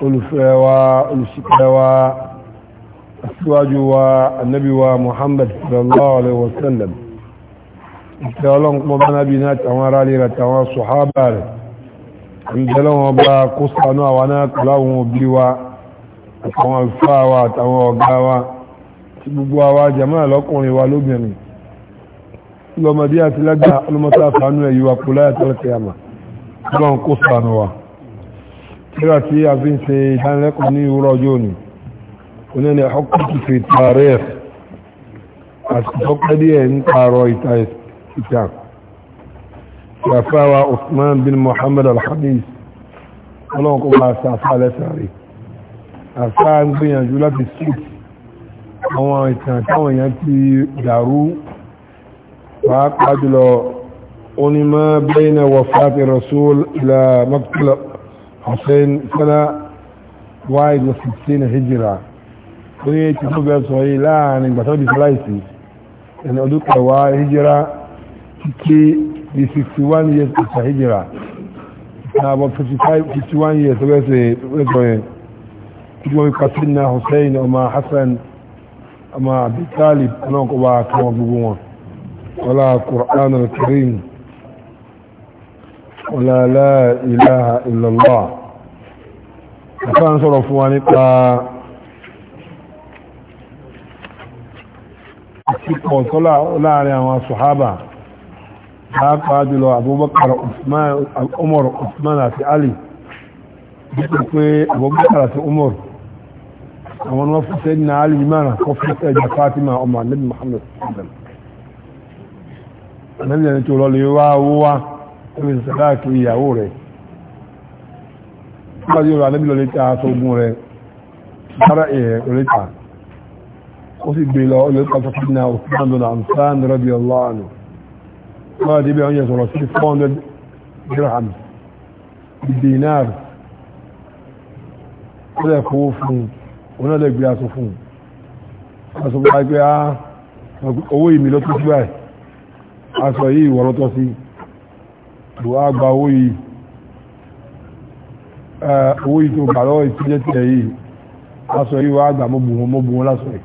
olùfẹ́ wa olùṣìpẹ̀ wa aṣíwájú wa annabi wa muhammad sallallahu alaihi wasallam ìfẹ́ ọlọ́nkọ́ bá nábi náà tàwọn ará lè tàwọn sọ̀hábà rẹ̀ ìjẹ́lọ́wọ́n bá kó sànú àwọn náà kọláwọn òbí wa àtàwọn alfáà wa àtàwọn ọ̀gá wa kíra tí a fi ń ṣe ìdánilẹ́kọ̀ọ́ ní ìwúrọ̀ ọjọ́ òní oní ni ọkùnkùn fi tààrẹ àtìsọ́pẹ́ díẹ̀ ń pààrọ̀ ìta ìta ìyàfáwa Usman bin Muhammad al-Hamis ọlọ́nkọ́ bá sàfà lẹ́sàrí àfá ń gbìyànjú láti sùt àwọn ìtàn táwọn èèyàn ti dàrú pàápàá jùlọ onímọ̀ bayna wafati rasul ila maqtala حسين سنة واحد وستين هجرة orí ti tó bẹ́ẹ̀ sọ yìí láàrin ìgbà tó di sláìsì ẹni ọdún kẹwàá hijira títí di 61 years ìta hijira ìtàbọ̀ 51 years tó bẹ́ẹ̀ sọ yẹn tí wọ́n ká sí na hussein ọmọ hassan ọmọ abitalib ọlọ́nkọba kan gbogbo wọn wọ́lá kùránà kìrìm ولا لا إله إلا الله فأنا صرف وانقى أكيكو صلاة أولا عليهم الصحابة حقا جلو أبو بكر عثمان عمر عثمان في علي أبو بكر في عمر ومن وفى سيدنا علي مانا كفر سيدنا فاطمة عمر النبي محمد صلى الله عليه وسلم النبي أنت ولو ليوا هو ẹ̀rìn sàdáàkì ìyàwó rẹ̀ nígbàtí yóò rà níbi lọ létà aṣọ ogun rẹ̀ sára ẹ̀ létà ó sì gbé lọ olóòtú aṣọ fún náà òfin náà lọ́nà àmsán rọ́bì ọlọ́ọ̀nù wọ́n àti ibi àwọn yẹn sọ̀rọ̀ sí 400 dirham dinar ó lè fowó fún ah, yìí wọ̀rọ̀tọ́ sí lùwà gba owó yìí owó yìí tó gbà lọ́wọ́ ìtújẹ́ tiẹ̀ yìí lásọ yìí wàá gbà mọ́bù wọn mọ́bù wọn lásọ yìí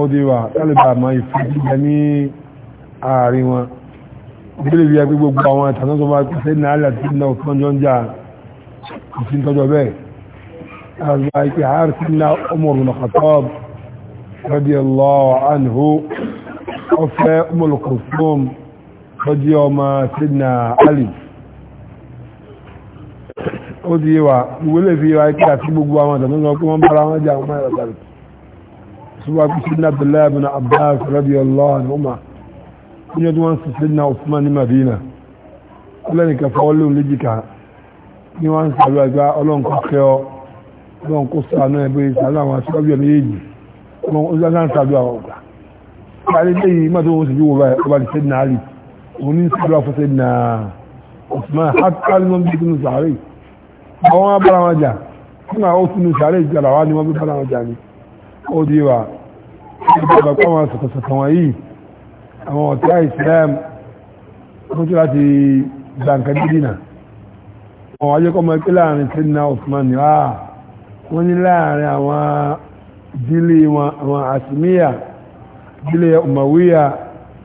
ó dé wà tálíbà àmọ́ ìfúnjẹ ní àárín wọn ìbílẹ̀ bí ẹgbẹ́ gbogbo àwọn àtàwọn tó máa pèsè náà láti ní ọ̀tún ọjọ́ ń jà ìsìn tọ́jọ́ bẹ́ẹ̀ àgbà ìpè àárín ní Umar ibn Khattab radiyallahu anhu ọ̀fẹ́ Ummul Kulthum tọ́jú ọmọ sidna ali ó di wà ìwélè fi ra ikẹ́ àti gbogbo àwọn ọ̀dọ̀ mẹ́sàn pé wọ́n bára wọn jà ọmọ ìrọ̀lẹ́ ṣùgbọ́n kí sidna abdullahi bin abbas radiyallahu anhuma kúnyẹ tí wọ́n sì sidna usman ní madina ọlẹ́nìkan fọwọ́ lóun léjìká ní wọ́n ń sàlú ẹgbá ọlọ́nkọ́ kẹ́ ọ ọlọ́nkọ́ sàánú ẹgbẹ́ ìsàlú àwọn aṣọ́bí ọmọ yéèjì wọn ó sàlú àwọn ọgbà kárí lẹ́yìn mọ́tò wọn sì ju wọ́n bá ti sidna ali òun ní sílùú afọ́sẹ́ na osman hakal wọn bí sínú sàárè àwọn abára wọn jà fún àwọn sínú sàárè ìjọba wa ni wọn bí bára wọn jà ni ó di wa ìjọba pọ̀ wọn sọ̀tọ̀sọ̀tọ̀ wọn yìí àwọn ọ̀tá islam wọ́n ti láti gbàǹkà dídínà àwọn ajẹ́kọ̀ọ́mọ ẹgbẹ́ láàrin sínú osman ni wọ́n ní láàrin àwọn dílé wọn àwọn àsìmíyà dílé umawiya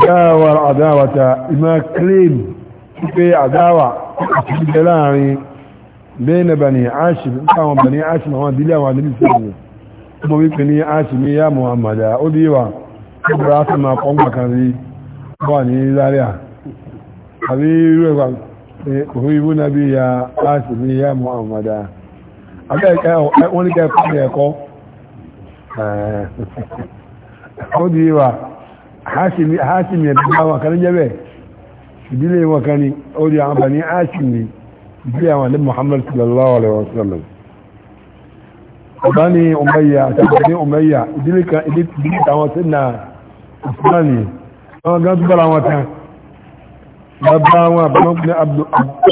dáwàrá àdáwàta ìmá claim àdáwà ìjẹ́ láàrin bẹ́ẹ̀nà bani ashim káwọn bani ashim àwọn ìdílé àwọn àdílé ọmọ wípé ní ashim ya muhammada ó bí ọgbọ̀rọ̀ asì máa kọ́ wà ní láríà na ya ya hásìmì ẹ̀bí àwọn kan jẹ́ bẹ́ẹ̀ ìdílé wọn kan ní orí àwọn bàní hásìmì ìdílé àwọn alẹ́ Muhammad sallallahu alaihi wasallam ọba ní ọmọya àtàkùn ní ọmọya ìdílé kan ìdílé àwọn tí na ìsìláàní àwọn gan tó bára wọn tán bàbá wọn àbámọ́kùn ní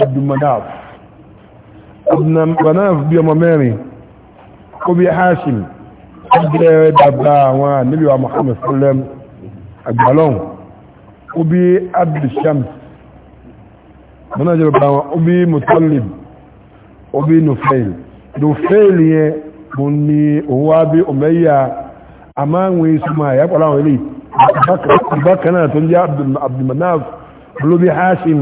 Abdulmanaf Abdulmanaf bí ọmọ mẹ́rin kó bí hásìmì ó jẹ́ bàbá wọn níbi wa Muhammad sallallahu alaihi wasallam àgbàlọ́hùn ó bí abdulshams mọ́nà jẹ́ bàbá wọn ó bí mutalib ó bí nufail nufail yẹn mo ní òun wá bí umayya àmáhùn ìsúnmọ́ àyàpọ̀lá àwọn ilé ìbákanáà tó ń jẹ́ abdulmanaf ló bí hashim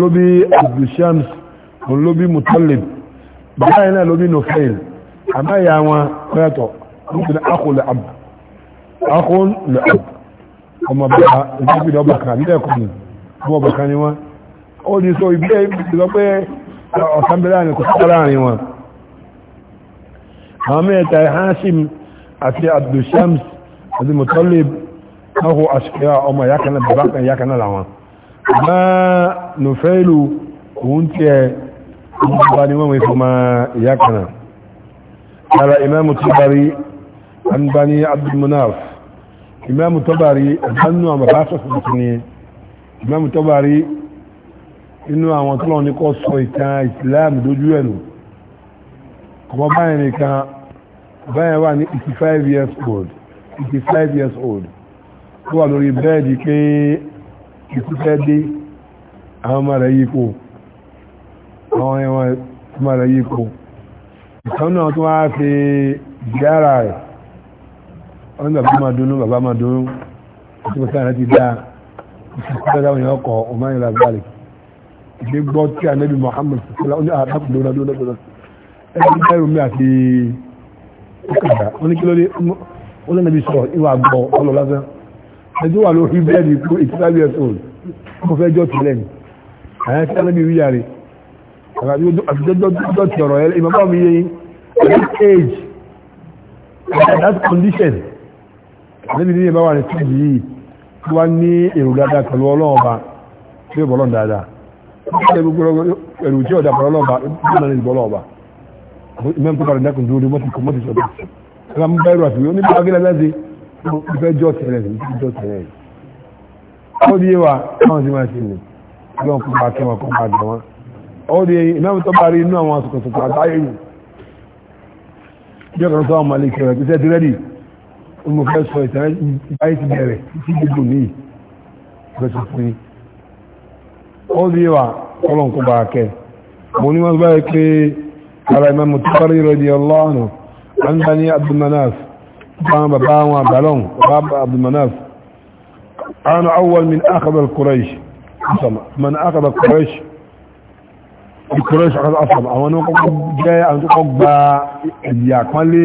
ló bí abdulshams ló bí mutalib bàbá yẹn náà ló bí nufail àmáyà wọn pẹ́ẹ̀tọ̀ nítorí akùn lẹ́ab akùn lẹ́ab ọmọ bàbá ìgbàgbìdà ọba kan nílẹ̀ ẹ̀kọ́ ni ọmọ ọba kan ni wọ́n ó ní sọ ìbílẹ̀ ìlọ pé ọ̀sánbẹ̀lá ni kò sọ́kọ́ láàrin wọn àwọn mẹ́ta Hashim àti Abdulshams àti Mutallib náà àṣìkẹ́ ọmọ ìyákaná bàbá kan ìyákaná làwọn bá Nufailu òun tiẹ̀ ọmọ ni wọ́n wọ́n fi ma ìyákaná قال إمام التبري عن بني عبد المناف imamu tabari hannu a mafasa su ne imamu tabari inú àwọn tọ́lọ̀ ní kọ́ sọ ìtàn islam dójú ẹ̀nu ọmọ báyìí nìkan báyìí wà ní 85 years old 85 years old tó wà lórí bẹ́ẹ̀dì pé ìtúfẹ́ dé àwọn ọmọ rẹ̀ yípo àwọn ẹ̀wọ̀n ọmọ rẹ̀ yípo ìtàn náà tó wá ṣe ìdára rẹ̀ wọ́n ní bàbá máa dunú bàbá máa dunú àti bàtà rẹ̀ ti dá ìṣẹ́kọ́ dáwọn èèyàn ọkọ̀ ọmọ ìlà gbàlẹ̀ ìgbé gbọ́ tí ànábì Muhammad sọ́lá ó ní àdákùn lónà lónà lónà ẹni bẹ́rù mi àti ọkàdá wọ́n ní kí lóde ó lọ́nà bí sọ ìwà àgbọ̀ ọlọ́ lásán ẹjọ́ wà lórí bẹ́ẹ̀dì kú ìtura bí ẹ̀sùn mo fẹ́ jọ tẹ̀lé mi àyàn tí ànábì wí yàrá àtijọ́ ti ọ̀rọ̀ ẹ̀ ìmọ̀ bá mi yẹ yín at that age at that condition níbi ní ìbá wà ní tíjì yìí tí wá ní èrò dáadáa pẹ̀lú ọlọ́ọ̀ba tí ó bọ́lọ́n dáadáa èrò tí ọ̀dà pẹ̀lú ọlọ́ọ̀ba tí ó ní ìbọ́lọ́ọ̀ba mẹ́rin tó bá rẹ̀ dákùn ni ọlọ́run kò máa kẹwọn kò máa dùn wọn ó di mẹ́rin tó bá rí inú àwọn àsùkọ̀sùkọ̀ àtàyè yìí bí ọkàn sọ́wọ́n máa lè mo fẹ́ sọ ìtẹ́rẹ́ báyìí ti bẹ̀rẹ̀ tí gbogbo ní ìfẹ́ sọ fún yí ó di wà ọlọ́n kó bá a kẹ́ mo ní wọ́n bá yẹ pé ara ìmọ̀ mo tọ́kọ́ rẹ̀ di ọlọ́ọ̀nà wọ́n bá ní bàbá wọn àbálọ́n bàbá abdulmanaf أنا أول من أخذ القريش أصلا من أخذ القريش القريش أخذ أصلا أولا جاي أن تقبى إياك مالي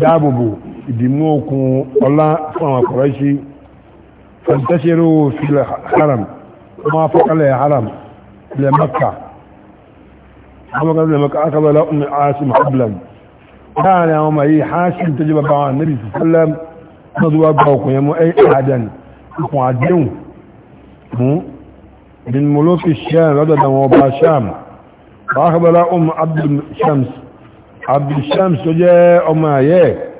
داببو دموكم الله فما قريشي فانتشروا في الحرم ما فوق عليه حرم لمكة أما قبل لمكة أكبر لو أن عاصم حبلا قال يا أما إيه حاشم تجيب أبعا النبي صلى الله عليه وسلم نضوى أبعوكم يا مؤي أحدا أكو عدلوا من ملوك الشام رضا دموبا شام فأخبر أم عبد الشمس عبد الشمس تجيب أما إيه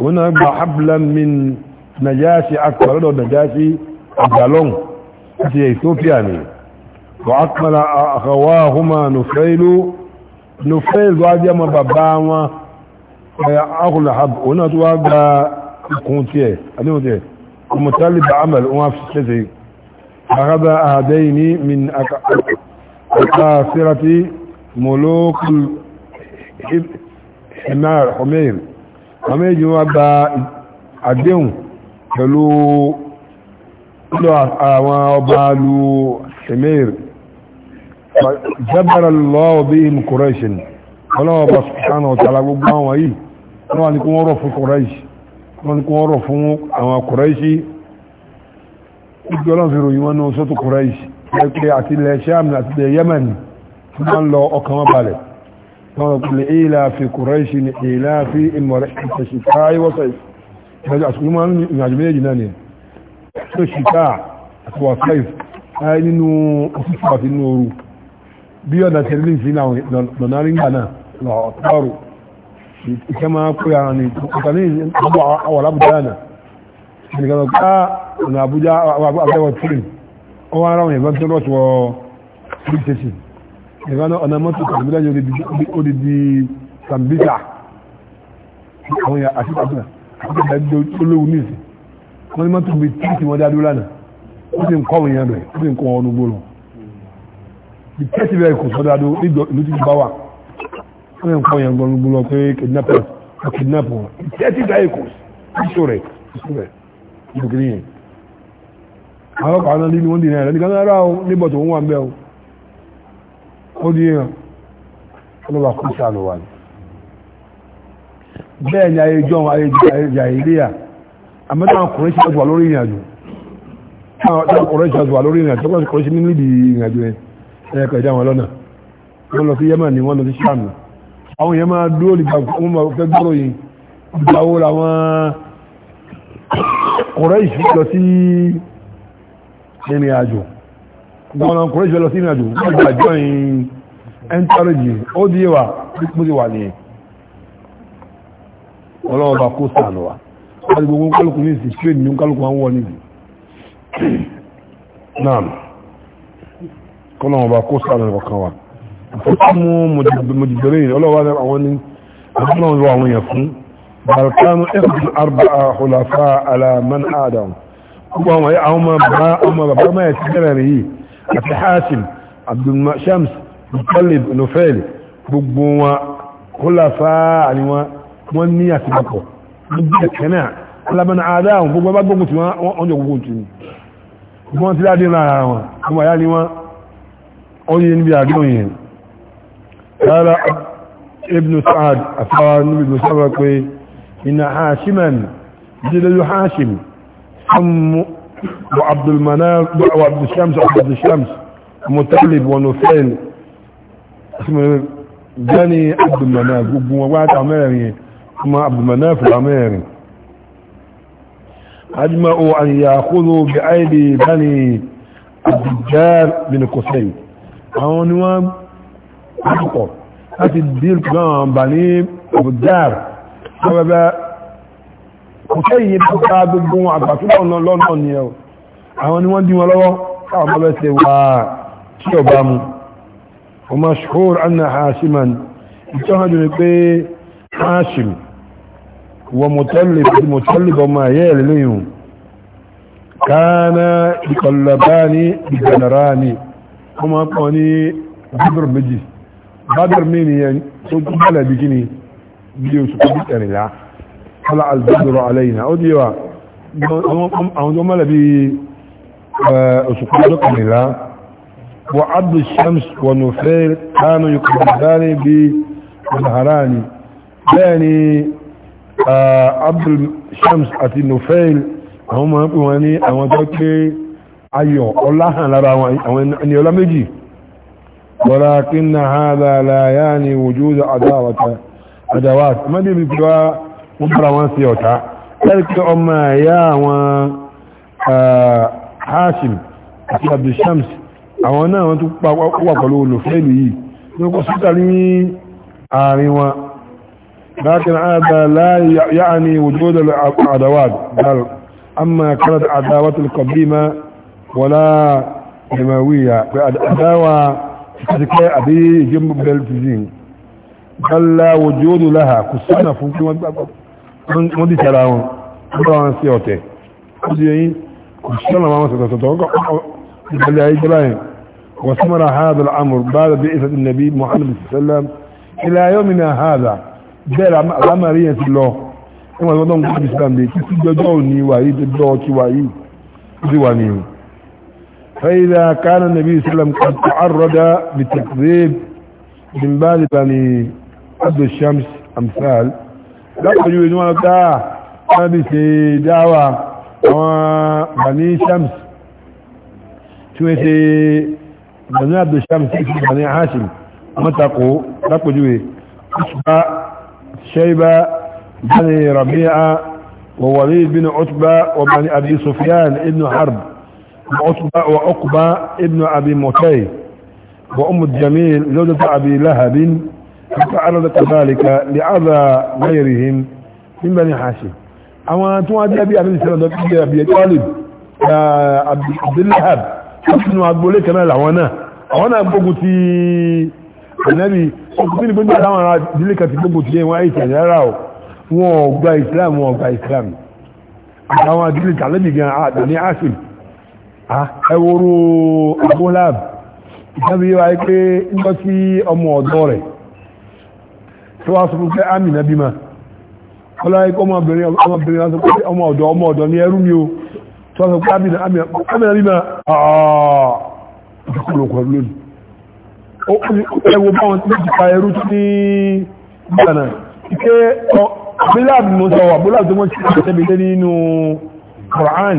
òun náà gba hablan min najashi akpa lọ́dọ̀ najashi abdalon àti ethiopia ni wà akpala àkàwà ahùmá nufailu nufailu wá jẹ́ ma bàbá wọn ẹ̀yà akùnlahab òun náà tó wá gba ikun tiẹ̀ àdéhùn tiẹ̀ kùmùtálì bá amal wọn fi ṣẹ́sẹ̀ àkàdá àdẹ́yìn ní min akásírati mọ̀lọ́kùl himar homer àwọn méjì wọ́n gba àdéhùn pẹ̀lú lọ àwọn ọba lu emir jẹ́bẹ̀rẹ̀ lọ́wọ́ bí i kùrẹ́ṣìn ọlọ́wọ́ bá sùkánà ọ̀tàlá gbogbo àwọn yìí wọ́n wà ní kí wọ́n rọ̀ fún kùrẹ́ṣì wọ́n ní kí wọ́n rọ̀ fún àwọn kùrẹ́ṣì ìjọlọ́n fi ròyìn ní oṣù tó kùrẹ́ṣì àti ilẹ̀ ṣáàmì àti ilẹ̀ yẹ́mẹ̀nì tí wọ́n lọ ọkàn balẹ̀ wọn ìlà fi kùrẹ́ṣì ní ìlà fi ìmọ̀rẹ́ ìtẹ̀ṣìká ìwọ́sẹ̀ ìgbàjọ àsìkò máa ń rìn àjò méjì náà ni tó ṣìká àti wà fẹ́ ayé nínú òṣìṣẹ́ àti inú ooru bí ọ̀dà tẹ̀lé sí lọ́nàríngà náà lọ́ọ̀tọ́rù ìkẹ́ máa kó ara ní ọ̀tà ní ìgbàgbọ́ àwọn alábùdá náà ẹnìkan ká ọ̀nà àbújá àbẹ́wọ̀ tìrì ọwọ́ ara wọn ìbọn tó ìrànà ọ̀nà mọ́tò kàlùmílà yóò di di sambisa àwọn èèyàn àti àbúrà àti ìdájọ́ olówó ní ìsìn wọ́n ní mọ́tò bíi tíìtì wọn dáadó lánàá ó sì ń kọ́ òun yẹn bẹ̀ ó sì ń kọ́ wọn ọdún gbòòrò bí tẹ́tì bẹ́ẹ̀ kò sọ́dọ̀ àdó níjọ ìlú ti bá wà ó sì ń kọ́ òun yẹn gbòòrò pé kidnappers wọ́n kidnap wọn tẹ́tì bẹ́ẹ̀ kò sọ rẹ̀ sọ rẹ̀ ìbùkún àwọn ọkọ̀ ó di yẹn ọlọ́wà kó sàánù wà ní bẹ́ẹ̀ ni ayé jọ ayéjà ìléyà àmọ́tàn kùnrin sí ọjọ́ lórí ìrìnàjò táwọn kùnrin sí ọjọ́ lórí ìrìnàjò tọ́kọ̀ kùnrin sí nínú ìdí ìrìnàjò ẹ̀ ẹ̀kọ̀ ìjà wọn lọ́nà wọ́n lọ sí yẹ́mà ní wọ́n lọ sí sàánù àwọn yẹn máa dúró nígbà wọ́n máa fẹ́ gbọ́rọ̀ yìí ìgbàwó làwọn kùnrin sí lọ sí ìrìnàjò gbọ́nà kúrẹ́ jọ lọ sí ìrìnàjò nígbà jọ yìí ẹntọ́rẹ́jì ó di wà mú sí wà ní ọlọ́ọ̀bà kó sàánù wa wọ́n gbogbo kálùkù ní ìsì tíwé nínú kálùkù wọn wọ́n níbi náà kọ́lọ̀ọ̀bà kó sàánù ọkàn wa gbogbo àwọn ọmọ bàbá ọmọ bàbá mẹ́ẹ̀ẹ́sì bẹ̀rẹ̀ yìí àti hasim abdulmashams mutallib nufel gbogbo wọn kúlàfà àníwá wọ́n ní àtìbàkọ̀ gbogbo ẹ̀kẹ́nà alamana adáhùn gbogbo bá gbogbo tí wọ́n jọ gbogbo tí wọ́n ti dáadé lára wọn ọmọ ya ni wọ́n oye níbi àdéhùn yẹn rárá ibn sa'ad afáwa níbi ibn sa'ad pé ina hashiman jílẹ̀lú hashim وعبد المناف وعبد الشمس وعبد الشمس مطلب ونفيل اسمه جاني عبد المناف وقعت عماري ثم عبد المناف العماري أجمعوا أن يأخذوا بأيدي بني عبد الجار بن قسي عنوان أحقر هذه الديل كان بني عبد الجار kò sẹ́yìn yìí tó ká gbogbo àgbàtúbọ̀ náà lọ́nà ni ẹ̀ àwọn ni wọ́n dí wọn lọ́wọ́ káwọn bọ́bẹ̀ ṣe wà tí ọba mu o ma anna hashiman ìtọ́ hàn pé hashim wọ mọ̀tẹ́lì bí yẹ́ ẹ̀rẹ́ kánà ìkọlọ̀bá ní ìgbàlára ni ó pọ̀ ní bábẹ̀r méjì bábẹ̀r mí nìyẹn tó kú bẹ́lẹ̀ bí kí ni bí oṣù tó bí tẹ̀rìnlá طلع البدر علينا وا أهم أمال لبي أسقلكم آه، الله وعبد الشمس ونفير كانوا يقبلان بالهران يعني آه، عبد الشمس أتي نفير هما يقولوني أما تكي أيوه الله لرا أني ولا مجي ولكن هذا لا يعني وجود عداوة أدوات ما دي بكوا wọ́n bára wọn sí ọ̀tá ẹ̀rìkẹ́ ọmọ ẹ̀yà àwọn Hashim àti Abdulshams àwọn náà wọ́n tún wà pẹ̀lú olùfẹ́lú yìí wọ́n kọ́ síta ní àárín wọn لكن هذا لا يعني وجود العداوات بل أما كانت عداوة القديمة ولا جماوية عداوة تكي أبي جنب بل لا وجود لها كسانا فوق wọ́n dì tẹ́ra wọn bọ́ra wọn sí ọ̀tẹ̀ ó di eyín kò sí ọ̀nà wọn sọ̀tọ̀ sọ̀tọ̀ ìbẹ̀lẹ̀ ayé jẹ́ báyìí wọ́n sí mara hada al'amur bá da bí isa nabi muhammad sallam ila yau mina hada bẹ́ẹ̀ alamari yẹn ti lọ ẹ wọ́n tọ́tọ́ nǹkan bí islam bẹ́ẹ̀ jọjọ́ ní wàyí jọjọ́ ti wàyí ti wà ní ìlú فإذا كان النبي صلى الله عليه وسلم قد تعرض بتكذيب من بعد بني عبد الشمس أمثال lápàájú inú wọn káà sábì ṣe dáwà àwọn bani shams tí wọ́n ṣe bani abdul shams tí wọ́n bani hashim mọ́tàkó lápàájú ìṣùgbà ṣẹ́ibá bani rabi'a ووليد بن عتبة وبن أبي سفيان ابن حرب وعتبة وعقبة ابن أبي موتي وأم الجميل زوجة أبي لهب فتعرض ذلك لعذا غيرهم من بني حاشم اما انتم ابي ابي سلام ابي طالب عبد الوهاب ابن عبد الله كان لعوانا وانا بوغوتي النبي ọkùnrin gbogbo àwọn ará ìdílé kan ti gbogbo tí wọ́n àìsàn yára ọ̀ wọn ò gba islam wọn ò gba islam àtàwọn ìdílé kàlẹ́bì gan àdàní asim ẹwọ́rọ̀ abúláàbù ìtàbí wáyé pé ń bọ́ sí ọmọ ọ̀dọ́ rẹ̀ tó wá sọ pé amina bímọ ọlọ́yẹ kó ọmọbìnrin ọmọbìnrin wá sọ pé ọmọ ọ̀dọ̀ ọmọ ọ̀dọ̀ ní ẹrú mi o tó wá sọ pé amina amina bímọ ọ̀ọ́dọ̀kọ̀lọ̀ kọ̀ lónìí ẹwọ báwọn tí ó ti pa ẹrú tó ní gbànà ike bíláàbù mo sọ àbúláàbù tó wọ́n ti ṣe tẹ́bi lé nínú Quran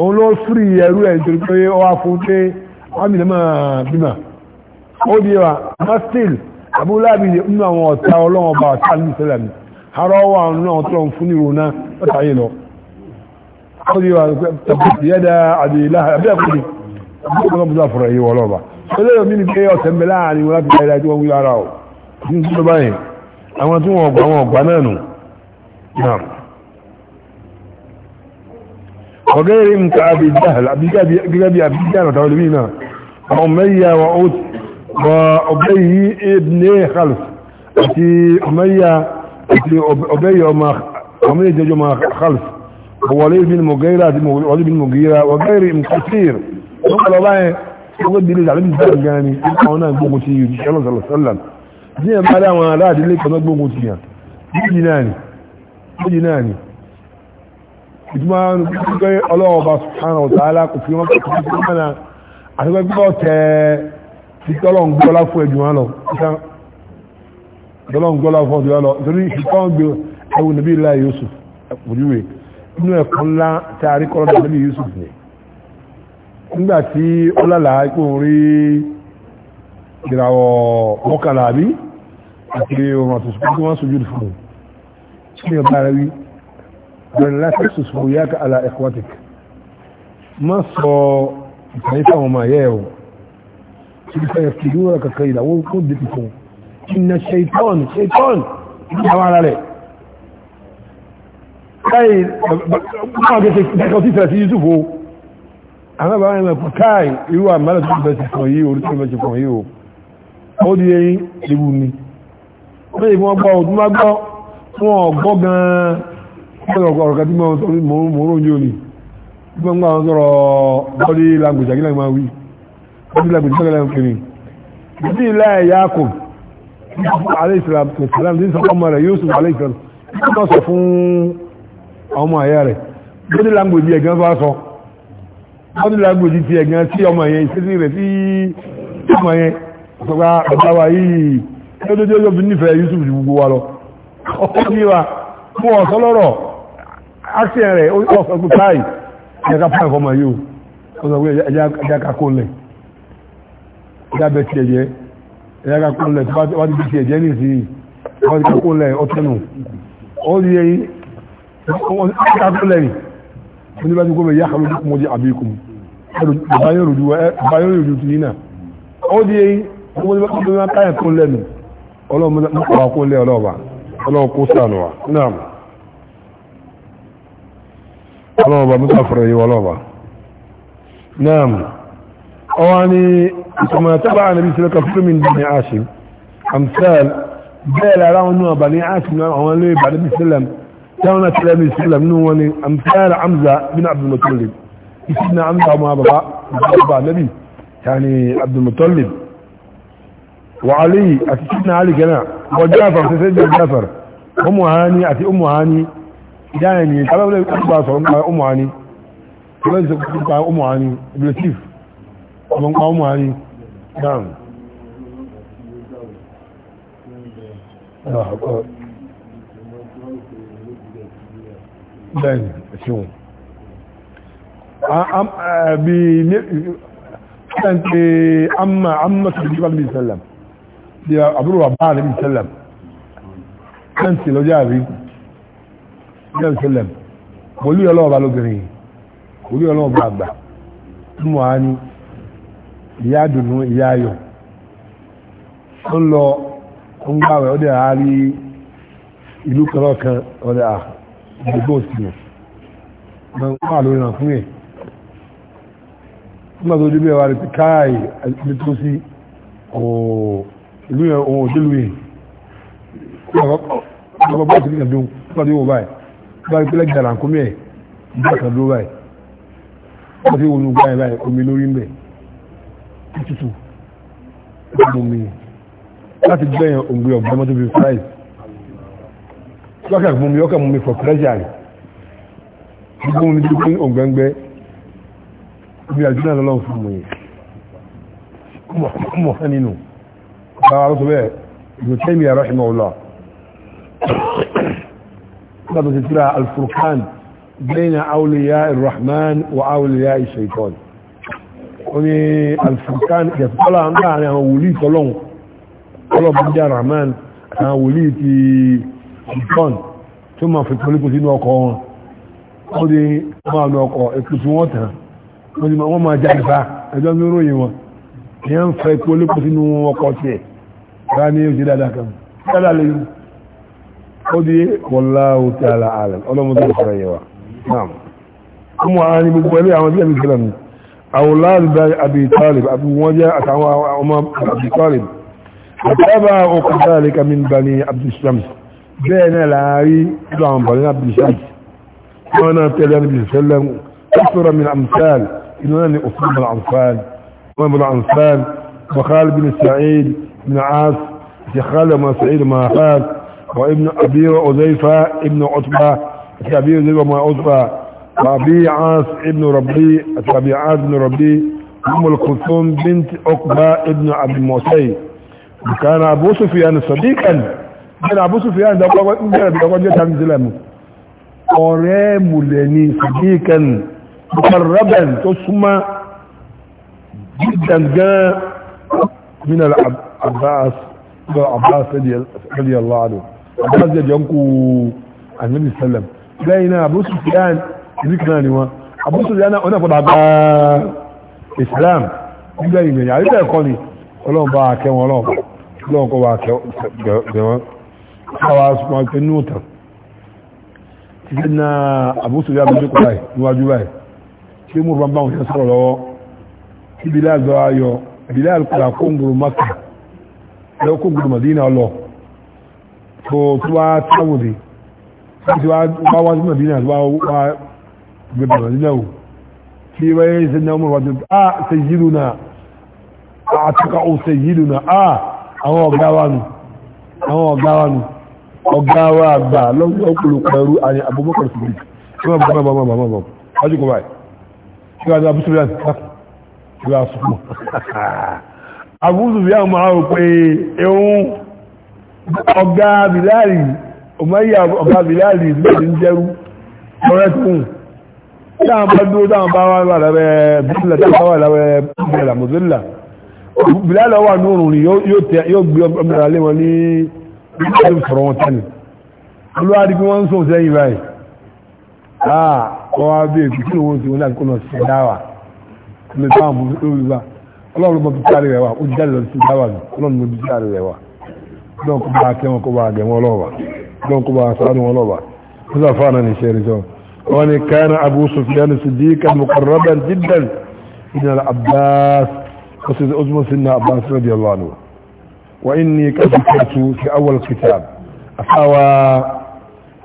òun ló fìrí ẹrú ẹ̀ nítorí pé ó wá fún pé amina máa bímọ ó di wa mastil abúláàbí ni nínú àwọn ọ̀tá ọlọ́wọ́n bá ọ̀tá ní ìṣẹ̀lẹ̀ mi ara ọwọ́ àwọn náà tó ń fún ní ìrònà ọ̀tá yìí lọ ọdí wa tàbí yẹ́dà àdìlá àbí àkùdì ọgbọ́n bùdó àfọ̀rọ̀ yìí wọ́n lọ́ba ọlọ́yọ̀ mi ni pé ọ̀tẹ̀ ń bẹ láàrin wọn láti gba ìdájọ́ wọn wí ara ọ̀ ní ìṣúná báyìí àwọn tí wọn ọgbà wọn ọgbà náà nù ọgẹ́rin nǹkan àbíjáhàl àbíjáhàl àbíjáhàl àtàwọn olùmí náà àwọn mẹ́yà wọn ó ti وأبي ابن خلف أتي أمية أتي أبي أمية جمع خلف ووليد بن مغيرة ووليد بن مغيرة وغير كثير وقال الله يقول دليل على مثال جاني هنا نقوم تيه إن شاء الله صلى الله عليه وسلم زي ما لا وانا لا دليل كنا نقوم تيه جناني جناني ìtumọ̀ ọlọ́wọ́ bá subhanahu wa ta'ala kò fi wọn kò fi wọn náà àti wọn gbọ́ tẹ́ẹ̀ ìtọ́lọ̀ ń gbọ́lá fún ẹ̀jù wọn lọ ìtọ́lọ̀ ń gbọ́lá fún ẹ̀jù wọn lọ nítorí ìtọ́lọ̀ ń gbé ẹwù nàbí ilá Yusuf ẹ̀kùnjúwe inú ẹ̀kọ́ ńlá tí a rí kọ́lọ́ nàbí Yusuf ni nígbà tí ó lálàá ikú rí ìràwọ̀ mọ́kànlá àbí àti ọmọ àtúnṣe tí wọ́n sojú fún un kí ni ọba rẹ wí bẹ̀rẹ̀ láti sùsùn yá ka àlà má sọ ìtàn ìfẹ́ سيفتدونك كيدا وقدتكم إن الشيطان شيطان يجعوا على ليه káì ọgbẹ̀tẹ̀ ìdákan sí ìtẹ̀lẹ̀ sí yusuf o alábàárẹ̀ ẹ̀mọ̀ káì irú àmàlẹ̀ tó bẹ̀ẹ̀ sí kan yìí orí tó bẹ̀ẹ̀ kan yìí o ó di eyín ewu ni wọ́n yìí wọ́n gbọ́ ọdún má gbọ́ wọn ọgbọ́ gan ọdún lágbèjì fẹ́lẹ̀ lẹ́nu kiri ìdí ilá Yakub aléìsìlám ní sọpọ̀ ọmọ rẹ̀ Yusuf aléìsìlám tó sọ fún ọmọ àyà rẹ̀ ọdún lágbèjì ẹ̀gán bá sọ ọdún lágbèjì ti ẹ̀gán tí ọmọ yẹn ìṣẹ́sí rẹ̀ sí ọmọ yẹn ọ̀sọ̀gbà ah, ọ̀dá wa yìí tó tó tó fi nífẹ̀ẹ́ Yusuf ju gbogbo wa lọ ọkọ̀ ní wa mú ọ̀sọ́ lọ́rọ̀ action rẹ̀ ọ̀sọ̀ gbogbo táì ẹ̀ka fún ẹ̀kọ́ ọmọ yìí ó ọ̀sọ̀ gbogbo ẹ̀já kakó lẹ̀ dábẹ̀ tí ẹ̀jẹ́ ẹ̀yà kúnlẹ̀ tó bá ti bí ti ẹ̀jẹ́ ní ìsìn wọ́n ti kúnlẹ̀ ọ̀tẹ́nù ó di ẹyin wọ́n ti kúnlẹ̀ ní ní bá ti kúnlẹ̀ yá kàmú kúmọ̀ di àbíkùn báyọ̀ rùdú ti yínà ó di ẹyin wọ́n ti bá ti bá káyà kúnlẹ̀ nù ọlọ́mọkọ̀wá kúnlẹ̀ ọlọ́ọ̀bà ọlọ́ọ̀kú sànù wa náà ọlọ́ọ̀bà mú sàfẹ́rẹ̀ yìí ọlọ́ọ̀bà náà أواني ثم تبع النبي صلى الله عليه وسلم من بني عاشم أمثال بيل أراهم نوع بني عاشم أواني بعد النبي صلى الله عليه وسلم كان صلى الله عليه وسلم أمثال عمزة بن عبد المطلب اسمنا عمزة وما بابا بابا النبي يعني عبد المطلب وعلي أتسمنا علي كنا وجافر تسجل جافر أم هاني أتي أم هاني يعني طلب لي أم هاني أم هاني أم هاني أم هاني ọmọ ń pa ọmọ àárí dáhùn ah, bẹ́ẹ̀ni ṣíwọ̀n bí ní ṣẹ́ntẹ́ amma amma sọ̀rọ̀ bí sẹ́lẹ̀m bí àbúrò àbá rẹ̀ bí sẹ́lẹ̀m ṣẹ́ntẹ́ lọ́jọ́ àrí bí sẹ́lẹ̀m pẹ̀lú ọlọ́ọ̀bá lóbìnrin pẹ̀lú ọlọ́ọ̀bá àgbà mú wa ní ìyá dùnú ìyá ayọ̀ ó ń lọ ó ń gbàwẹ̀ ó dẹ̀ á rí ìlú kan lọ́kan ọ̀dẹ̀ à gbogbo òsìnà máa ń pàà lórí ràn fún ẹ̀ nígbà tó débẹ̀ wà rí pé káàì ẹgbẹ́ tó sí ìlú yẹn ohun òdílù yìí ọgbọ́n bọ́ọ̀sì ní kàdún nígbà tó wọ báyìí bá rí pé lẹ́gbẹ̀ẹ́ làǹkómi ẹ̀ nígbà kan báyìí wọ́n ti wọnú gbáyìí báyìí omi lórí ń tútù mọ̀mí láti gbẹ̀yàn òǹgbé ọ̀gbọ́n mọ́tò bíi fries lọ́kà mọ̀mí ọkà mọ̀mí for pleasure rẹ̀ gbogbo mọ̀mí tó kún òǹgbẹ́ngbẹ́ omi àjùmọ̀ náà lọ́wọ́ fún mọ̀ yẹn kúmọ̀ fẹ́ nínú báwa lọ́sọ̀ bẹ́ẹ̀ ìlú tẹ́mi ẹ̀rọ ìmọ̀ ọ̀la láti ṣe tíra alfurkan bẹ́ẹ̀ na awliya irrahman wa awliya ishaitan oní alifurkan ìyàtọ̀tọ́lá ń láàrin àwọn wòlíì tọ́lọ́hun ọlọ́bùnjá rahman àwọn wòlíì ti ọ̀pọ̀n tó máa fi tọ́lípò sínú ọkọ̀ wọn ó di máa lọ ọkọ̀ ètò tí wọ́n tàn ó di wọ́n máa jáìfà ẹjọ́ ní ròyìn wọn ní à ń fẹ́ tọ́lípò sínú ọkọ̀ tiẹ̀ rá ní oṣù dáadáa kan dáadáa lè ó di wallahu ta'ala alam ọlọ́mọdé ìfọ̀rọ̀ yẹwà náà ó mú gbogbo ẹlẹ́ àwọn tí ẹ̀mí sílẹ̀ nù أولاد أبي طالب أبو وجاء أمام أبي طالب وتابع كذلك من بني عبد الشمس بين العاري دعم بني عبد الشمس وانا تلي النبي صلى الله عليه وسلم أكثر من أمثال إنني أصيب الأنصار وابن الأنصار وخالد بن سعيد بن عاص خالد بن سعيد ما خال وابن أبي وأزيفة ابن عتبة أبي وزيفة ما عتبة ربيعة ابن ربي ربيعة ابن ربي أم الكلثوم بنت عقبة ابن عبد المعطي كان أبو سفيان صديقا من أبو سفيان دوقات تنزلم قرام لني صديقا مقربا تسمى جدا جاء من العباس عباس رضي الله عنه عباس جنكو النبي صلى الله عليه وسلم لقينا أبو سفيان ìdíkì náà ni wọn àbúṣe ìyá náà ọ̀nàpọ̀dà bá Islam nígbà ìgbìyànjú àríkà ẹ̀kọ́ ni ọlọ́run bá akẹ́ wọn ọlọ́run kọ́ bá akẹ́ wọn káwa sọ pé ní òtàn títí na àbúṣe ìyá méjì kọ́ báyìí níwájú báyìí tí mo bá ń bá wọn yẹn sọ̀rọ̀ lọ́wọ́ tí Bilal gbọ́ ayọ Bilal kọ́ra kóngoro Maka lọ́wọ́ kóngoro Madina lọ tó tó wá táwọn dé tó wá wá sí Madina tó wá gbẹ̀dọ̀ nílẹ̀wò tí wáyé sẹ́ni ọmọ ìwájú a sẹ́yìnú náà àtúkà ó sẹ́yìnú náà a àwọn ọ̀gá wa nù àwọn ọ̀gá wa nù ọ̀gá wa àgbà lọ́wọ́ ọ̀pọ̀lọpọ̀ ẹrú àní Abubakar Siddiq tí wọ́n bá bá bá bá bá wájú kọ báyìí tí wọ́n bá bísí láti sáfù tí wọ́n sọ mọ́ àbúrò bí àwọn máa rò pé ẹ̀hún ọ̀gá Bilali ọmọ ìyá ọ̀gá Bilali ìdílé ìdílé jẹ́rú ọ̀rẹ́ dáhùn bá dúró dáhùn bá wà lábẹ́ bílà dáhùn bá wà lábẹ́ bílà mùsùlùmí bílà lọ wà nínú ni yóò gbé ọmọdé alẹ́ wọn ní ìlú sọ̀rọ̀ wọn tẹ́lẹ̀ olúwárí bí wọ́n ń sọ̀rọ̀ sẹ́yìn báyìí àà wọ́n wá bí èkó kí lóun ti wọn láti kó lọ sí dáwà ní báwọn mú lórí wa ọlọ́run mọ̀ bí sáré rẹ̀ wà ó jáde lọ sí dáwà ní ọlọ́run mọ̀ bí sáré rẹ̀ wà lọ́n kó bá kẹ́wọn kó bá gẹ̀wọ́n lọ́wà lọ́n kó bá sáré wọn lọ́wà ó sàfáà náà ní ṣe é rí sọ́ọ̀ وأن كان أبو سفيان صديقا مقربا جدا من العباس قصد أزمة سنة عباس رضي الله عنه وإني كذكرت في أول كتاب أفاوى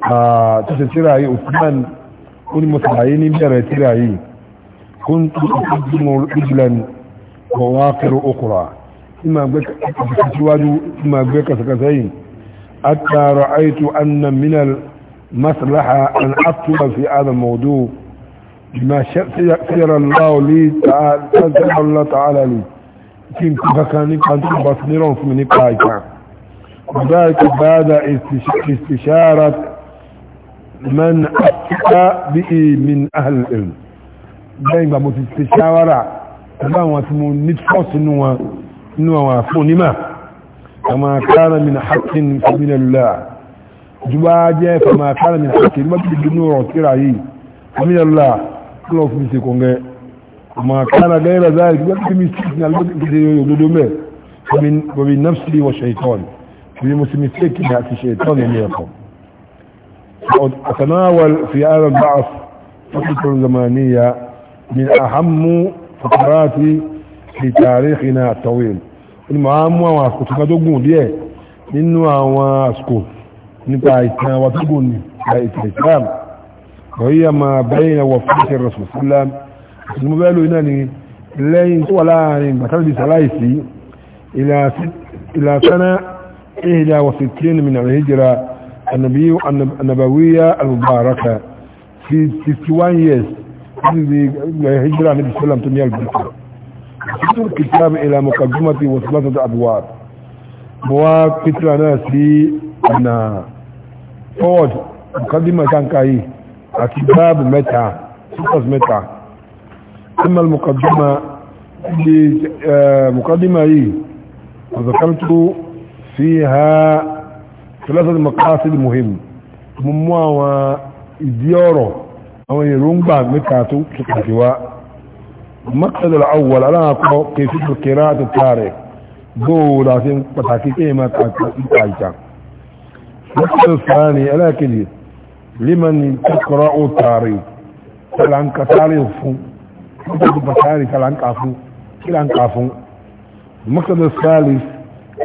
عثمان كل مسعين من تراعي كنت أقدم رجلا وواقر أخرى إما بك تواجه إما بك سكتين حتى رأيت أن من مصلحة أن أطلب في هذا الموضوع بما سير الله لي تعالى الله تعالى لي كم كان قد بصنيرون في مني قايتا وذلك بعد استشارة من أفتى به من أهل العلم دائما متستشارة تمام واسمو نتفوت نوا نوا فونما كما كان من حق من الله juba jẹ́ fama kára ní ṣe ní mọ́bí dínú ọ̀rọ̀ kíra yìí amíyànlá kílọ̀ fún ṣe kọ̀ngẹ́ ma kára gẹ́rẹ́ záàrí gbẹ́ tí mi ṣíkì ní alúgbẹ́ òdodo mẹ́ bọ̀bí nafsi wa shaitan bí mo sì mi ṣíkì ní àti shaitan ní ẹ̀kọ́ أتناول في هذا الضعف فترة زمانية من أهم فقرات في تاريخنا الطويل المعامة وكتبة دقون ديه nínú àwọn àsìkò nípa ìtàn wa tó gùn ní ìtàn islam wọ́yí a máa bẹ́yìn ẹwọ̀ fúnṣẹ́ rasulullah ìsinmi bẹ́ẹ̀lú iná ni lẹ́yìn tó wà láàrin gbàtàbí sàláìsí ìlàsánà ìhìdá wa sittin min al-hijra annabawiyya al-mubaraka fi 61 years níbi hijira níbi sallam tó ní albarka sittin kitab ila mukaddimati wa salatata abwab mo wá pitira náà sí ọ̀nà forward mukadima kanka yìí àti báàbù mẹ́ta focus mẹ́ta ẹmọ mukadima di mukadima yìí ọ̀zọ̀kẹ́lẹ́tò fi ha tọ́lọ́sọ̀tì mọ̀kásí muhim mú mú àwọn ìdí ọ̀rọ̀ àwọn èròǹgbà mẹ́ta tó kìkàtí wá مقصد الأول أنا أقول كيفية القراءة التاريخ دولة pàtàkì kéèyàn máa kàkà ìtàjà المسألة الثانية ألا كده لمن تقرأ التاريخ هل عنك تاريخ كتب التاريخ هل عنك عفو هل عنك عفو المقصد الثالث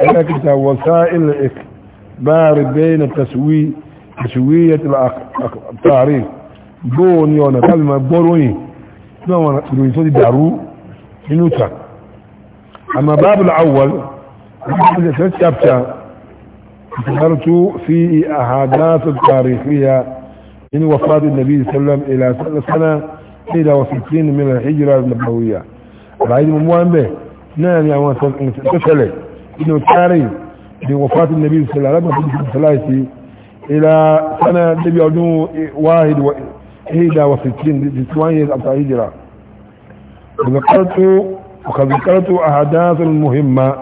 ألا كده وسائل إكبار بين تسوي تسوية التعريف بون يونا كلمة بوروني ما هو الويسون دارو منوتا أما باب الأول هذا ثلاث شابتر ذكرت في أحداث تاريخية من وفاة النبي صلى الله عليه وسلم إلى سنة إلى وستين من الحجرة النبوية العيد مموان به نعم يا أمان تسألي إنه تاري من وفاة النبي صلى الله عليه وسلم إلى سنة نبي عدو واحد و... إحدى وستين لسوانية أبطاء هجرة وذكرت وقد ذكرت أحداث مهمة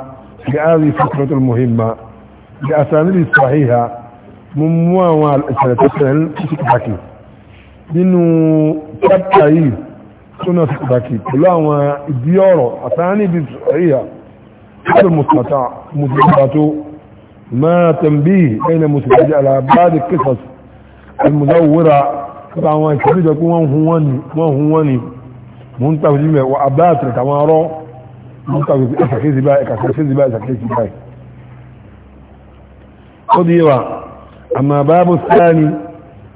في هذه فترة المهمة بأسانيد صحيحة مموان الاسلتين سكباكي nínú chapter yìí suna sukubaki pẹ̀lú àwọn ìdí ọ̀rọ̀ àtàní ibi ṣàríyà ṣe mùsùlùmọ́ta mùsùlùmọ́tò máa tẹ̀m̀bí ẹ̀yìn mùsùlùmọ́tì alábáàdì kìsọ̀s almuzawura fún àwọn ìṣẹ́lẹ̀ jẹ́ pé wọ́n hun wọ́n ni mú ń tàbí mẹ́ wọ abáàtì àtàwọn arọ́ mú ń tàbí ẹ̀kàkẹ́sì báyìí ẹ̀kàkẹ́sì قضيوا أما باب الثاني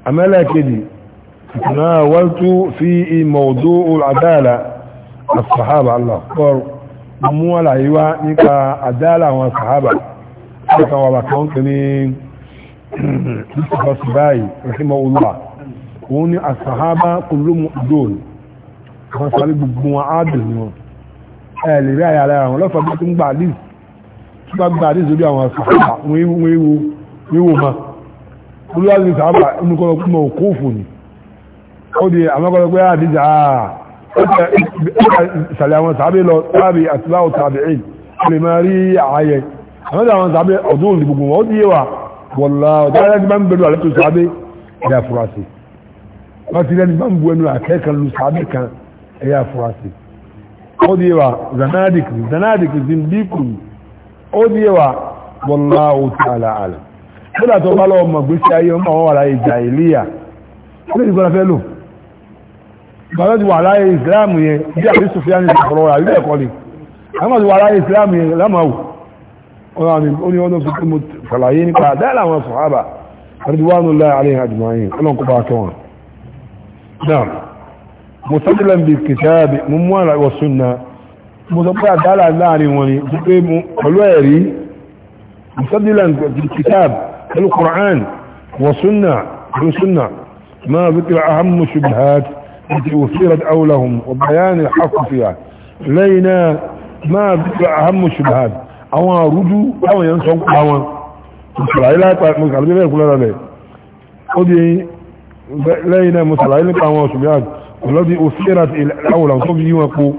أما لا كدي تناولت في موضوع العدالة الصحابة الله أكبر مو العيوة نكا عدالة والصحابة أكا وبكون كنين مصطفى سباي رحمه الله وني الصحابة كلهم دول كان صليب بمعادل آه لبايا لا لفظ بكم بعد tí bá gba àdéhùn lórí àwọn sàábà wíwò ma olúwa ní sàábà nìkan ọkùnrin mọ̀ kó fò ní ó di àmọ́kọ́lọ́ pé àdéhùn àà ìsàlẹ̀ àwọn sàábà lọ sáàbì àtìláwọ̀ sàábì ẹ̀ lè máa rí ààyẹ àmọ́dé àwọn sàábà ọdún òní gbogbo wọn ó di yẹwà wọ̀lá ọ̀dọ́ ayé ti máa ń bẹ̀rù àlẹ́tò sàábà ẹ̀yà afurasí wọ́n ó ní ẹwà wallahu ta'ala alam kódà tó bá lọ́wọ́ mọ̀ gbésí ayé ọmọ àwọn wàrà ìjà ìlíyà ó lè gbọ́nà fẹ́ lò bàbá ti wà láyé ìsìláàmù yẹn bí àbí sùfíàní ti fọ̀rọ̀ rà lílẹ̀ kọ́lé àwọn ti wà láyé ìsìláàmù yẹn lámàwù ó mo fàlàyé nípa dáàlà mú mú àlàyé wa sunna mo sọ pé àdálà láàrin wọn ni tó pé mú pẹ̀lú ẹ̀rí musaddilan kitab pẹ̀lú Qur'an wa sunna pẹ̀lú sunna ma zikra ahammu shubhat التي أثيرت أولهم وبيان الحق فيها لينا ما ذكر أهم الشبهات أو رجو أو ينصنق أو مسلعيلة مسلعيلة بيه كلها ليه ودي لينا مسلعيلة أو شبهات والذي أثيرت أولهم طب يوقو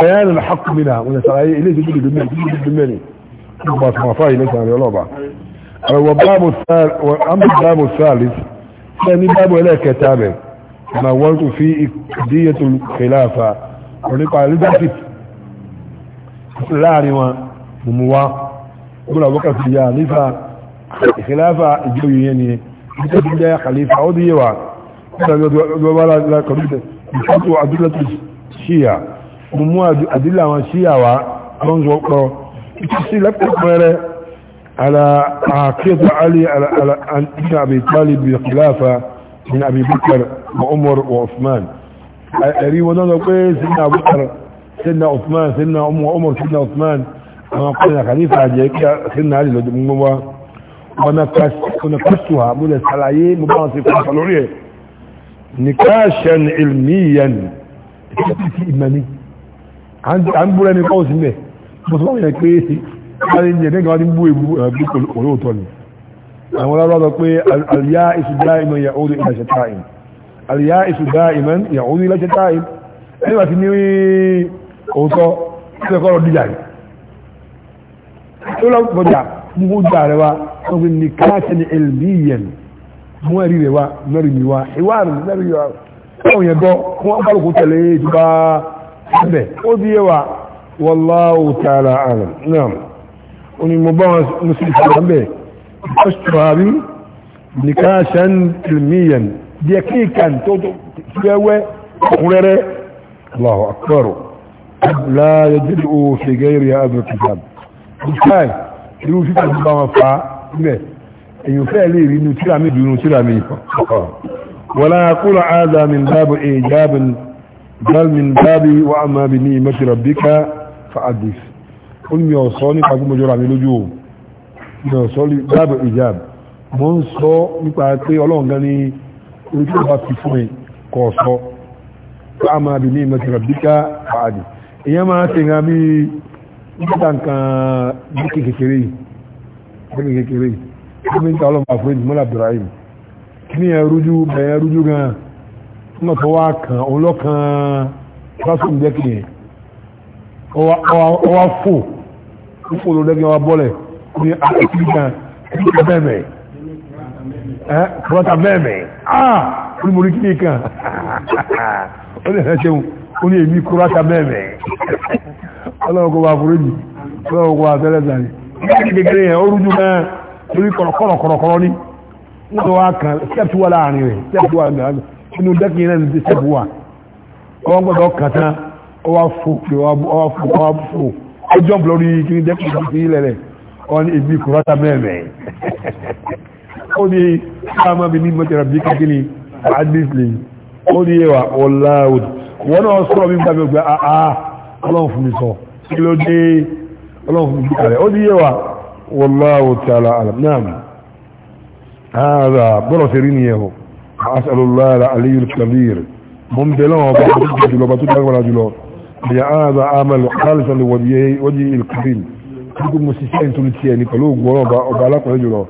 بيان الحق منها ونسعي إليه تجد دمين تجد دميني ما سمعفاي ليس عن الله بعد والباب الثالث وأما الباب الثالث ثاني باب إليه كتابه ما ورد في قضية الخلافة ونقع لذلك لا نوا مموا يقول أبو بكر في خلافة خلافة الجوي يعني يقول يا خليفة عودي يوا ولا لا قبيلة يقول أدلة الشيعة mo mú àdílé àwọn síyàwá alonso pọ̀ títí sí lẹ́kọ̀ọ́rẹ́ على عقيد علي على على ابن ابي طالب بالخلافه من ابي بكر وعمر وعثمان اري وانا كويس سيدنا ابو بكر سيدنا عثمان سيدنا عمر سيدنا عثمان انا قلنا خليفه عليك سيدنا علي لو ونفسها من الحلايين مباصفة فلورية نكاشا علميا إيماني à ń búrẹ́ ní kọ́ọ̀sì mẹ́ bó sọ́wọ́n yẹ pé káàrí ní ẹ̀dẹ́gbẹ̀ wá ní bú ewu ẹ̀bí olóòtọ́ ni àwọn aláwọ̀ lọ pé àríyá ìṣùdá ìmọ̀ ìyàwó ní ìlàṣẹ táìm àríyá ìṣùdá ìmọ̀ ìyàwó ní ìlàṣẹ táìm ẹni wà ti ní òótọ́ tí ẹ̀kọ́ lọ dìjà rẹ̀ tó lọ gbọdà mú jà rẹ̀ wa wọ́n fi ní káàkiri ẹ̀lmíyẹn mú ẹ̀rí rẹ̀ wa mẹ́rin mi wa ìwà rẹ̀ mẹ́rin mi wa abẹ ó di yẹ wa wàláwù tààlà àlàm náà oní mo bá wọn mùsùlùmí sọ̀rọ̀ bẹ́ẹ̀ ìfọ́sùtùwárí nìkaṣán tìlmíyàn díẹ̀ kíkan tó fẹ́wẹ́ kúrẹ́rẹ́ Allahu akbar la yajidu fi ghairi hadha kitab bukari irú fífà tó bá wọn fa bẹ́ẹ̀ èyí fẹ́ lè rí inú tíra mi dùn inú tíra mi wọ́n lára kúrò áàdà min báàbù èjì bal min babi wa amma bi ni imati rabbika fa adis ó ní mi ò sọ nípa gbogbo jọra mi lójú o mi ò sọ ní báàbù ìjáàbù mo ń sọ nípa pé ọlọ́run gan ni orí tí ó bá fi fún mi kọ̀ sọ fa amma bi ni imati rabbika fa adis èyàn máa ṣe nǹkan bí nígbà nǹkan bíkì kékeré yìí bíkì kékeré yìí ó ní ìta ọlọ́run àforíjì mọ́lá abdulrahim kí ni ẹ rújú bẹ̀rẹ̀ rújú gan-an ọmọ tó wá kàn òun lọ́kàn classroom dẹ́kì yẹn ọwá fò ó fò ló dẹ́kì ọwá bọ́lẹ̀ ní àkókò gan kíkà bẹ́ẹ̀mẹ̀ ẹ́ bọ́tà bẹ́ẹ̀mẹ̀ ah olùmọ̀rí kí ni kan ah, ó lè fẹ́ ṣeun ó ní èmi kúrátà bẹ́ẹ̀mẹ̀ ọlọ́run kò bá forí mi ọlọ́run kò bá tẹ́lẹ̀ sáré ní kékeré yẹn ó rújú gan torí kọ̀rọ̀kọ̀rọ̀ ní wọ́n tó wá kan step wà láàrin rẹ̀ step wà láàrin rẹ̀ inú dẹ́kì yẹn ní sẹ́bù wà ọwọ́n gbọ́dọ̀ kàtà ọwá fò ọwá fò ọwá fò ọjọ́ lórí kiri dẹ́kì yẹn sí ilẹ̀ rẹ̀ ọ ní èmi kò ráta mẹ́rẹ̀ ó ní sáàmà mi ní mọ́tẹ̀rẹ̀ bí kékeré adísley ó ní ẹwà ọ̀la wọn náà sọ̀rọ̀ mi gbàgbé gbà áá ọlọ́run fún mi sọ kí ló dé ọlọ́run fún mi kàrẹ̀ ó ní ẹwà wallahu ta'ala alam náà hàrà bọ́lọ̀ sí rí nìyẹn o أسأل الله العلي الكبير من دلوا بعض جلو بطول أغوى جلو لهذا عمل خالصا لوجهه وجهه الكريم كلكم مسيسين تلتيني فلو غروبا وبالك رجلو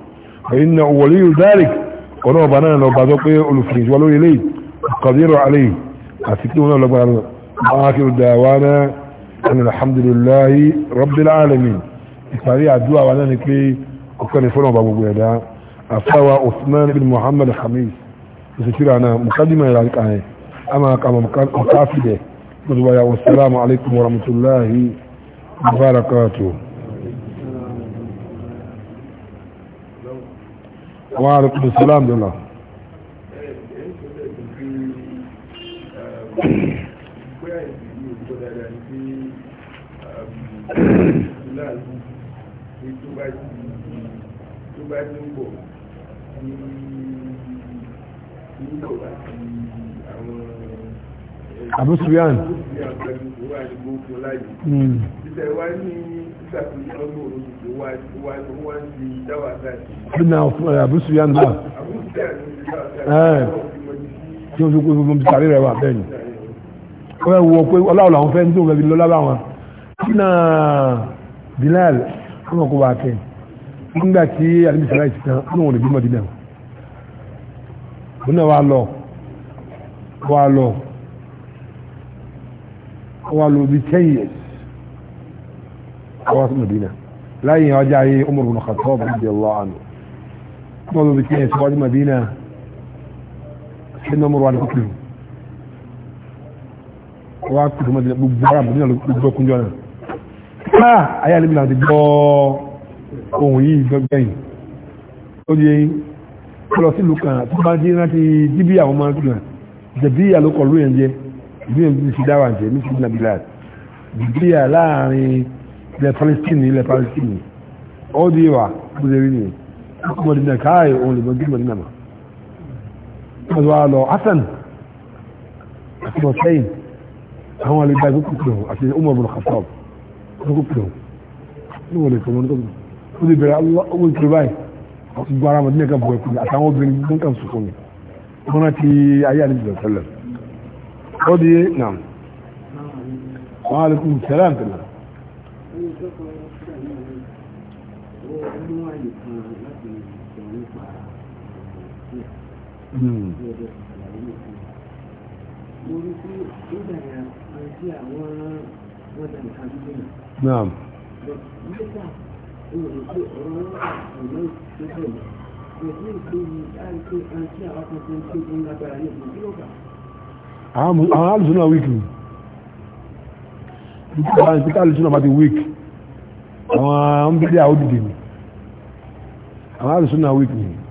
فإن ولي ذلك ولو بنانا لو بعضوك الفريج ولو إليه قدير عليه أسكتونا لو بنانا آخر دعوانا أن الحمد لله رب العالمين إسماعيل الدعاء وانا نكلي وكان يفرنا بابو بيدا أفاوى عثمان بن محمد الخميس يسكر أنا مقدمة إلى الآية أما كما مقافدة مزبايا والسلام عليكم ورحمة الله وبركاته وعليكم السلام لله Thank you. Abu Sufyan. Hmm. Bina eh, Abu Sufyan náà. Eh, tí o ti kú ibi sàrí rẹ̀ wà bẹ́ẹ̀ ni. Ó fẹ́ wo pé ọláwọ̀ làwọn fẹ́ tó fẹ́ fi lọ lábá wọn. Bina eh, Bilal, wọ́n kò wá kẹ́. Nígbà tí Adébísàrá ìtìtàn, wọ́n ò lè bímọ dídà wọn òun náà wà lọ wà lọ wà lọ bí ten years wà sí Madina láyé ọjà ayé Umar bin Khattab radiyallahu anhu wà lọ bí ten years wà sí Madina ṣe ní Umar wà ní kúkúrú wà kúkúrú Madina gbogbo ara Madina gbogbo kúnjọ náà ah ayé alẹ́ mi náà ti gbọ́ ohun yìí gbẹ́gbẹ́yìn ó di eyín lọ sí ìlú kan tó bá dé láti jíbí àwọn máa gbìyàn jẹ̀bí àlókọ̀ ló yẹn jẹ́ ìlú yẹn ti fi dáwà jẹ́ ní sídìí nàbílà jẹ̀bí à láàrin ilẹ̀ Palestine ilẹ̀ Palestine ó di wà bó ṣe rí ni mọ̀dínà káàyè òun lè mọ̀jú mọ̀dínà mà wọ́n wá lọ Hassan àti hussein àwọn àlebà ìkókò pè ọ́ àti Umar bin Khattab ìkókò pè ọ́ ní wọ́n lè fọwọ́n ní kókò ó ti bẹ̀rẹ̀ gbogbo ara mọ̀dínlẹ̀ kan bọ̀ ẹ̀kú ni àtàwọn obìnrin tó ń kàn sùkún ni ti ayé àdìsí sẹ́lẹ̀ ó di nà wọ́n á lè kú sẹ́lẹ̀ àtẹ̀lẹ̀. Mm mo àwọn alùsùn náà wíkì àwọn ìpítà alùsùn náà bá ti wíkì àwọn ọmọdé àwọn òdìdì ni àwọn alùsùn wíkì ni